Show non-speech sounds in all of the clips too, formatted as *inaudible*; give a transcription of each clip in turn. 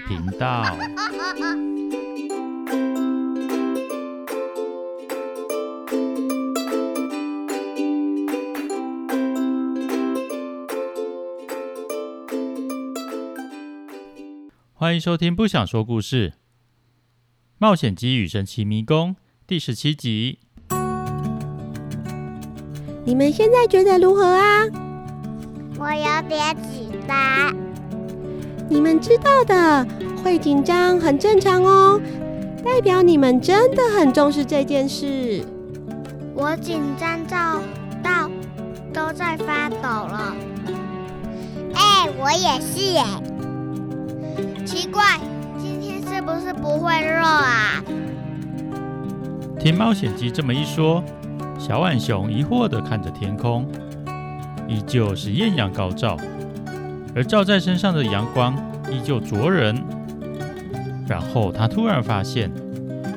頻道， *laughs* 歡迎收聽《不想說故事：冒險雞與神奇迷宮》第十七集。你們現在覺得如何啊？我有點緊張。你們知道的，會緊張很正常哦，代表你們真的很重視這件事。我緊張到到都在發抖了。哎、欸，我也是耶！奇怪，今天是不是不會熱啊？聽冒險雞這麼一說，小浣熊疑惑的看着天空，依舊是艷陽高照。而照在身上的陽光依舊灼人，然後他突然發現，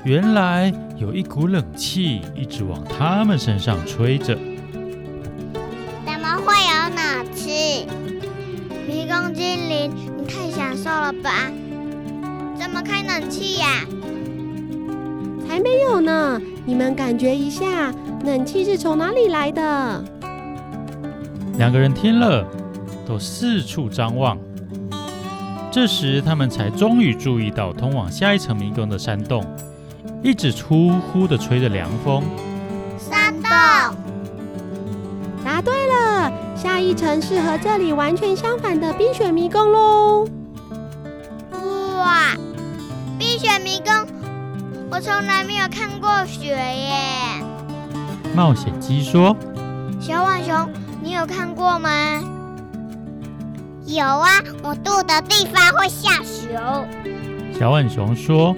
原來有一股冷氣一直往他們身上吹着。怎麼會有冷氣？迷宮精靈，你太享受了吧？怎麼開冷氣呀？還沒有呢，你們感覺一下，冷氣是從哪裡來的？兩個人聽了，四處張望，這時他們才終於注意到通往下一層迷宮的山洞，一直呼呼的吹着涼風。山洞，答對了！下一層是和這裡完全相反的冰雪迷宮嘍！哇，冰雪迷宮，我從來沒有看過雪耶。冒險雞說：“小浣熊，你有看過嗎？”有啊，我住的地方會下雪哦。小浣熊說：“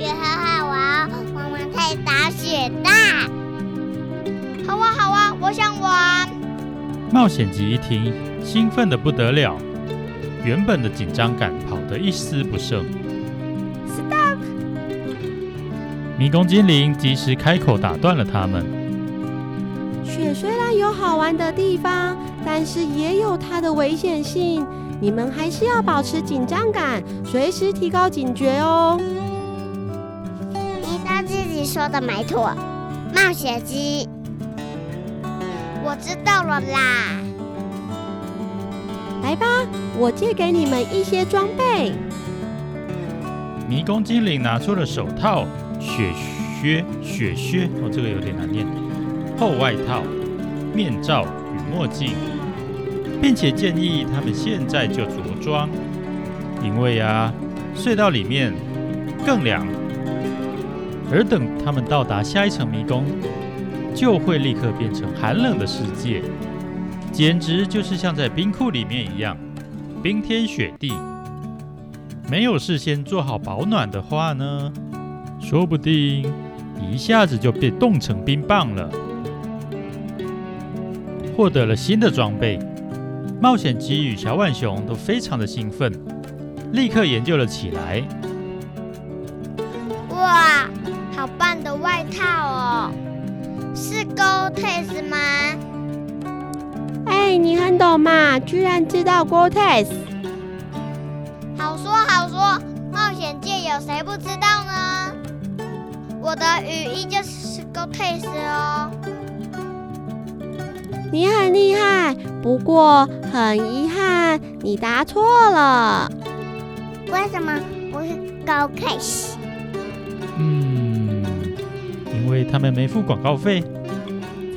雪很好玩，我們可以打雪仗。”“好啊，好啊，我想玩。”冒險雞一聽，興奮得不得了，原本的緊張感跑得一絲不剩。Stop！迷宮精靈及時開口打斷了他們：“雪雖然有好玩的地方。”但是也有它的危險性，你們還是要保持緊張感，隨時提高警覺哦。你當自己說的沒錯，冒險雞，我知道了啦。來吧，我借給你們一些裝備。迷宮精靈拿出了手套、雪靴、雪靴哦，這個有點難念。厚外套、面罩與墨鏡。並且建議他們現在就着裝，因為啊，隧道裡面更涼。而等他們到達下一層迷宮，就會立刻變成寒冷的世界，簡直就是像在冰庫裡面一樣，冰天雪地。沒有事先做好保暖的話呢，說不定一下子就被凍成冰棒了。獲得了新的裝備。冒險雞與小浣熊都非常的興奮，立刻研究了起來。哇，好棒的外套哦！是 Gore-Tex 嗎？哎、欸，你很懂嘛，居然知道 Gore-Tex。好說好說，冒險界有誰不知道呢？我的羽衣就是 Gore-Tex 哦。你很厲害，不過很遺憾，你答錯了。為什麼不是高泰斯？嗯，因為他們沒付廣告費。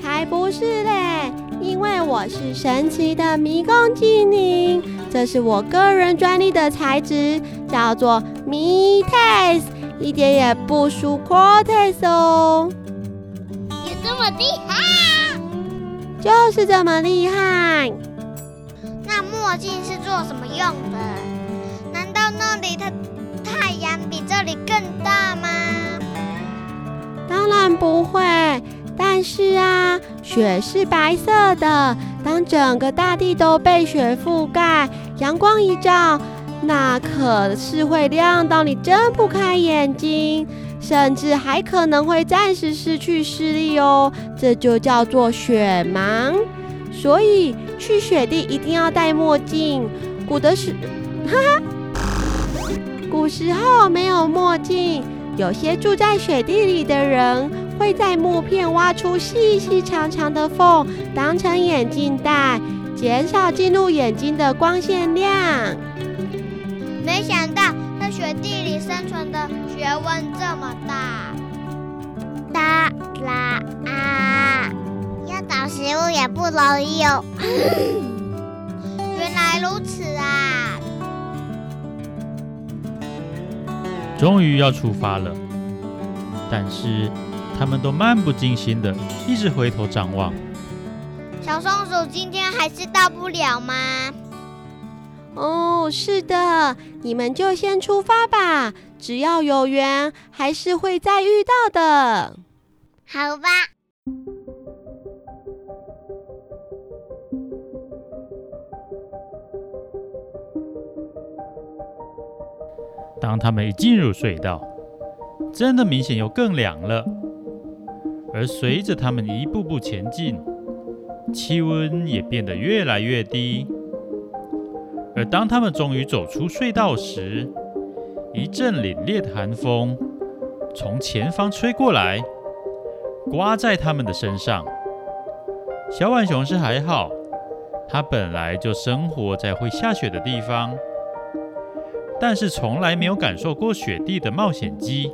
才不是嘞！因為我是神奇的迷宮精靈，這是我個人專利的材質，叫做米泰斯，一點也不輸高泰斯哦。有這麼厲害？就是這麼厲害。那墨鏡是做什麼用的？難道那裡的太陽比這裡更大嗎？當然不會。但是啊，雪是白色的，當整個大地都被雪覆蓋，陽光一照，那可是會亮到你睜不開眼睛。甚至還可能會暫時失去視力哦，這就叫做雪盲。所以去雪地一定要戴墨鏡。古的時，哈哈，古時候沒有墨鏡，有些住在雪地裡的人會在木片挖出細細長長的縫，當成眼鏡戴，減少進入眼睛的光線量。沒想到在雪地裡生存的。還問這麼大，大了啊！要找食物也不容易哦。 *laughs* 原來如此啊！終於要出發了，但是他們都漫不經心的，一直回頭張望。小松鼠今天還是到不了嗎？哦，是的，你們就先出發吧。只要有緣，還是會再遇到的。好吧。當他們一進入隧道，真的明顯又更涼了。而隨着他們一步步前進，氣溫也變得越來越低。而當他們終於走出隧道時，一陣凜冽的寒風從前方吹過來，颳在他們的身上。小浣熊是還好，它本來就生活在會下雪的地方，但是從來沒有感受過雪地的冒險雞。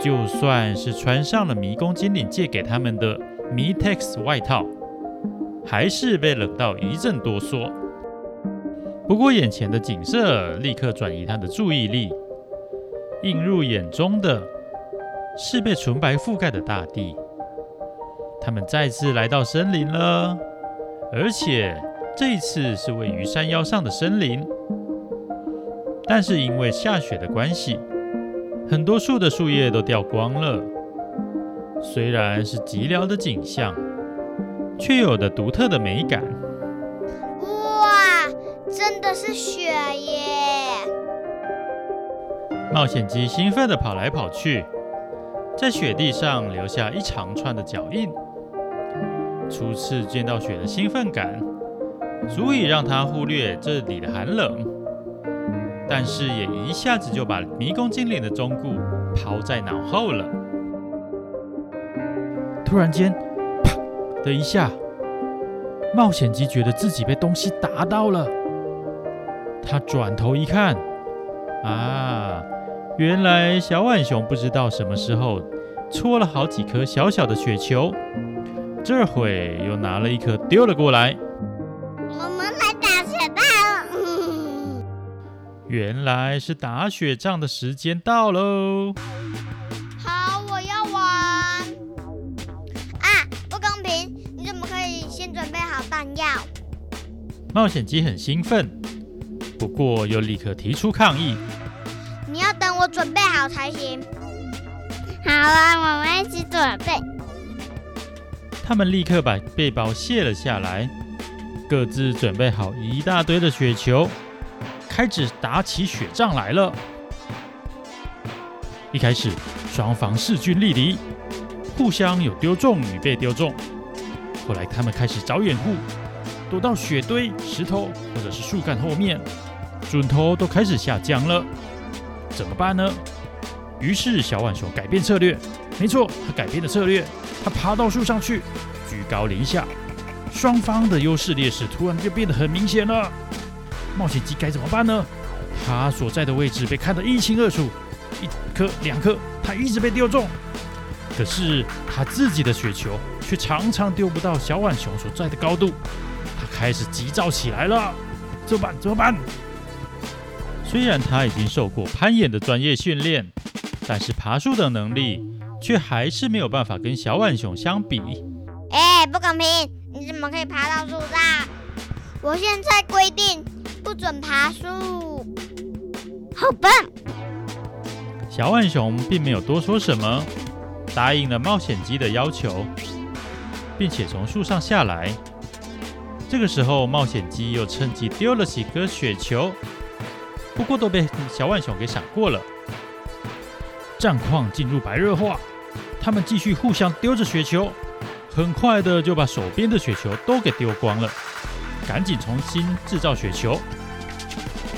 就算是穿上了迷宮精靈借給他們的迷 tex 外套，還是被冷到一陣哆嗦。不過眼前的景色立刻轉移他的注意力。映入眼中的是被純白覆蓋的大地。他們再次來到森林了，而且這次是位於山腰上的森林。但是因為下雪的關係，很多樹的樹葉都掉光了。雖然是寂寥的景象，卻有着獨特的美感。哇，真的是雪耶！冒險雞興奮地跑來跑去，在雪地上留下一長串的腳印。初次見到雪的興奮感，足以讓他忽略這裡的寒冷，但是也一下子就把迷宮精靈的忠告拋在腦後了。突然間，啪的一下，冒險雞覺得自己被東西打到了。他轉頭一看，啊！原來小浣熊不知道什麼時候搓了好幾顆小小的雪球，這會又拿了一顆丟了過來。我們來打雪仗！嗯、原來是打雪仗的時間到嘍。好，我要玩。啊，不公平！你怎麼可以先準備好彈藥？冒險雞很興奮，不過又立刻提出抗議。準備好才行。好了，我們一起準備。他們立刻把背包卸了下來，各自準備好一大堆的雪球，開始打起雪仗來了。一開始雙方勢均力敵，互相有丟中與被丟中。後來他們開始找掩護，躲到雪堆、石頭或者是樹幹後面，準頭都開始下降了。怎麼辦呢？於是小浣熊改變策略，沒錯，他改變了策略，他爬到樹上去，居高臨下，雙方的優勢劣勢突然就變得很明顯了。冒險雞該怎麼辦呢？他所在的位置被看得一清二楚，一顆兩顆，他一直被丟中，可是他自己的雪球卻常常丟不到小浣熊所在的高度，他開始急躁起來了。怎麼辦？怎麼辦？怎麼辦？雖然他已經受過攀岩的專業訓練，但是爬樹的能力却還是沒有辦法跟小浣熊相比。哎、欸，不公平！你怎麼可以爬到樹上？我現在規定不准爬樹，好吧？小浣熊並沒有多說什麼，答應了冒險雞的要求，並且從樹上下來。這個時候，冒險雞又趁機丟了幾顆雪球。不過都被小浣熊給閃過了。戰況進入白熱化，他們繼續互相丟着雪球，很快的就把手邊的雪球都給丟光了，趕緊重新制造雪球。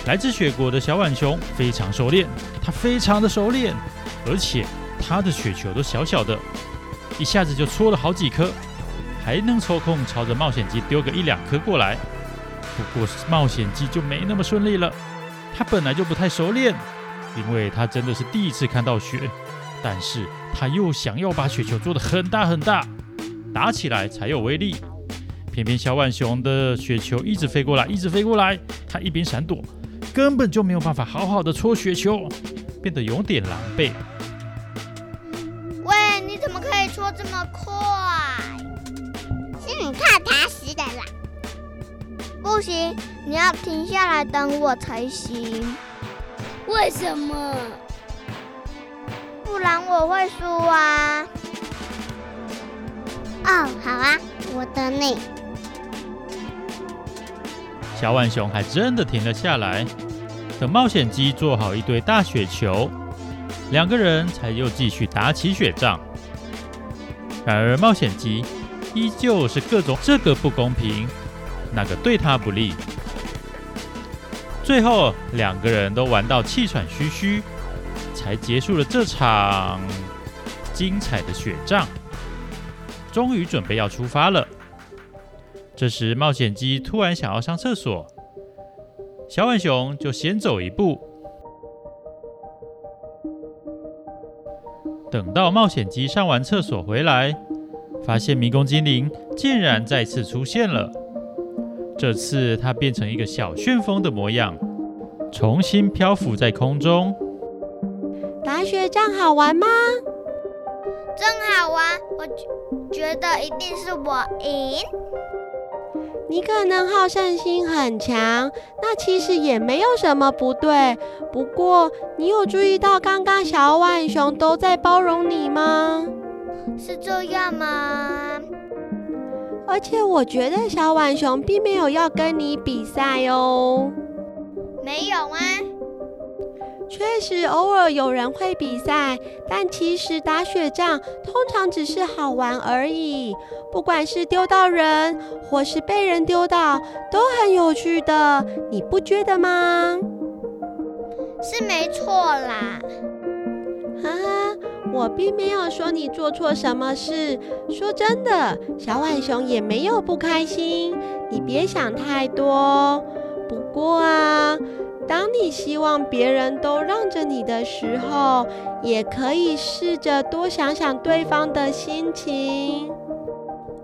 來自雪國的小浣熊非常熟練，他非常的熟練，而且他的雪球都小小的，一下子就搓了好幾顆，還能抽空朝着冒險雞丟個一兩顆過來。不過冒險雞就沒那麼順利了。他本來就不太熟練，因為他真的是第一次看到雪，但是他又想要把雪球做得很大很大，打起來才有威力。偏偏小浣熊的雪球一直飛過來，一直飛過來，他一邊閃躲，根本就沒有辦法好好的搓雪球，變得有點狼狽。你要停下來等我才行。為什麼？不然我會輸啊！哦，好啊，我等你。小浣熊還真的停了下來，等冒險雞做好一堆大雪球，兩個人才又繼續打起雪仗。然而，冒險雞依舊是各種這個不公平，那個對他不利。最後兩個人都玩到氣喘吁吁，才結束了這場精彩的雪仗。終於準備要出發了，這時冒險雞突然想要上廁所，小浣熊就先走一步。等到冒險雞上完廁所回來，發現迷宮精靈竟然再次出現了。這次它變成一個小旋風的模樣，重新漂浮在空中。打雪仗好玩嗎？真好玩，我覺覺得一定是我贏。你可能好勝心很強，那其實也沒有什麼不對。不過，你有注意到剛剛小浣熊都在包容你嗎？是這樣嗎？而且我覺得小浣熊並沒有要跟你比賽哦，沒有啊。確實，偶爾有人會比賽，但其實打雪仗通常只是好玩而已。不管是丟到人，或是被人丟到，都很有趣的。你不覺得嗎？是沒錯啦。啊。我並沒有說你做錯什麼事，說真的，小浣熊也沒有不開心，你別想太多。不過啊，當你希望別人都讓着你的時候，也可以試着多想想對方的心情。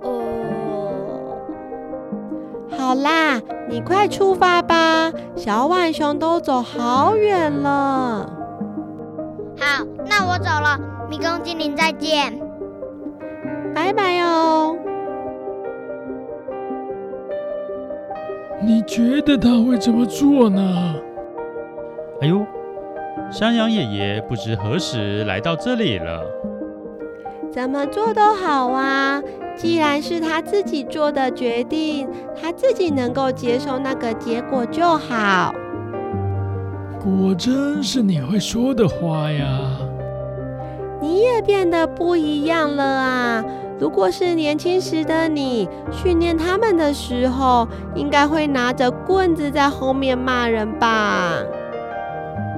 哦、嗯，好啦，你快出發吧，小浣熊都走好遠了。好，那我走了。迷宮精靈，再見！拜拜哦。你覺得他會怎麼做呢？哎呦，山羊爺爺不知何時來到這裡了。怎麼做都好啊，既然是他自己做的決定，他自己能夠接受那個結果就好。果真是你會說的話呀。你也變得不一樣了啊！如果是年輕時的你，訓練他們的時候，應該會拿着棍子在後面罵人吧？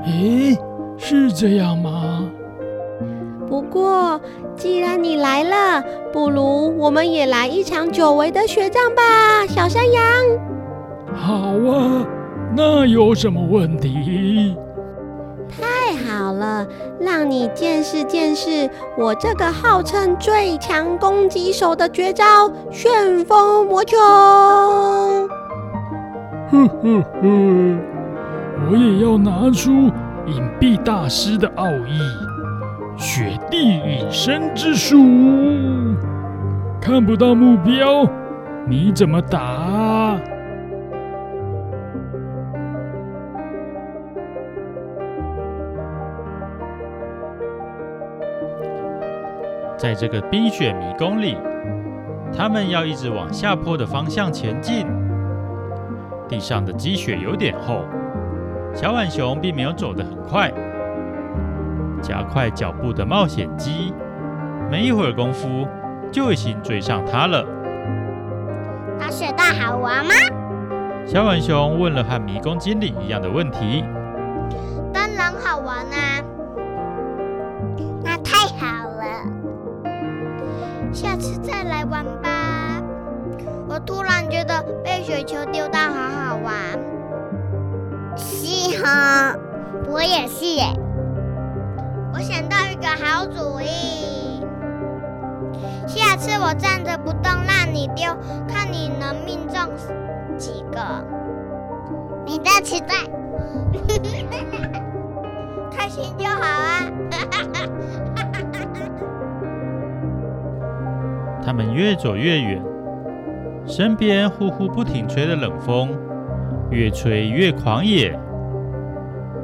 咦、欸，是這樣嗎？不過，既然你來了，不如我們也來一場久違的雪仗吧，小山羊。好啊，那有什麼問題？好了，讓你見識見識我這個號稱最強攻擊手的絕招——旋風魔球。呵呵呵，我也要拿出隱蔽大師的奧義——雪地隱身之術，看不到目標，你怎麼打？在這個冰雪迷宮裡，他們要一直往下坡的方向前進。地上的積雪有點厚，小浣熊並沒有走得很快。加快腳步的冒險雞，沒一會兒功夫就已經追上它了。滑雪道好玩嗎？小浣熊問了和迷宮精靈一樣的問題。球丟到好好玩，是哈、哦，我也是耶。我想到一個好主意，下次我站着不動，讓你丟，看你能命中幾個。你在期待， *laughs* 開心就好啊。 *laughs* 他們越走越遠。身邊呼呼不停吹的冷風，越吹越狂野。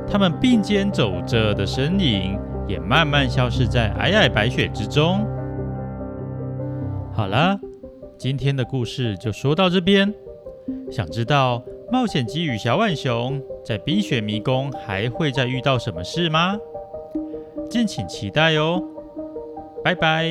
他們並肩走着的身影，也慢慢消失在皚皚白雪之中。好了，今天的故事就說到這邊。想知道冒險雞與小浣熊在冰雪迷宮還會再遇到什麼事嗎？敬請期待喲、哦！拜拜。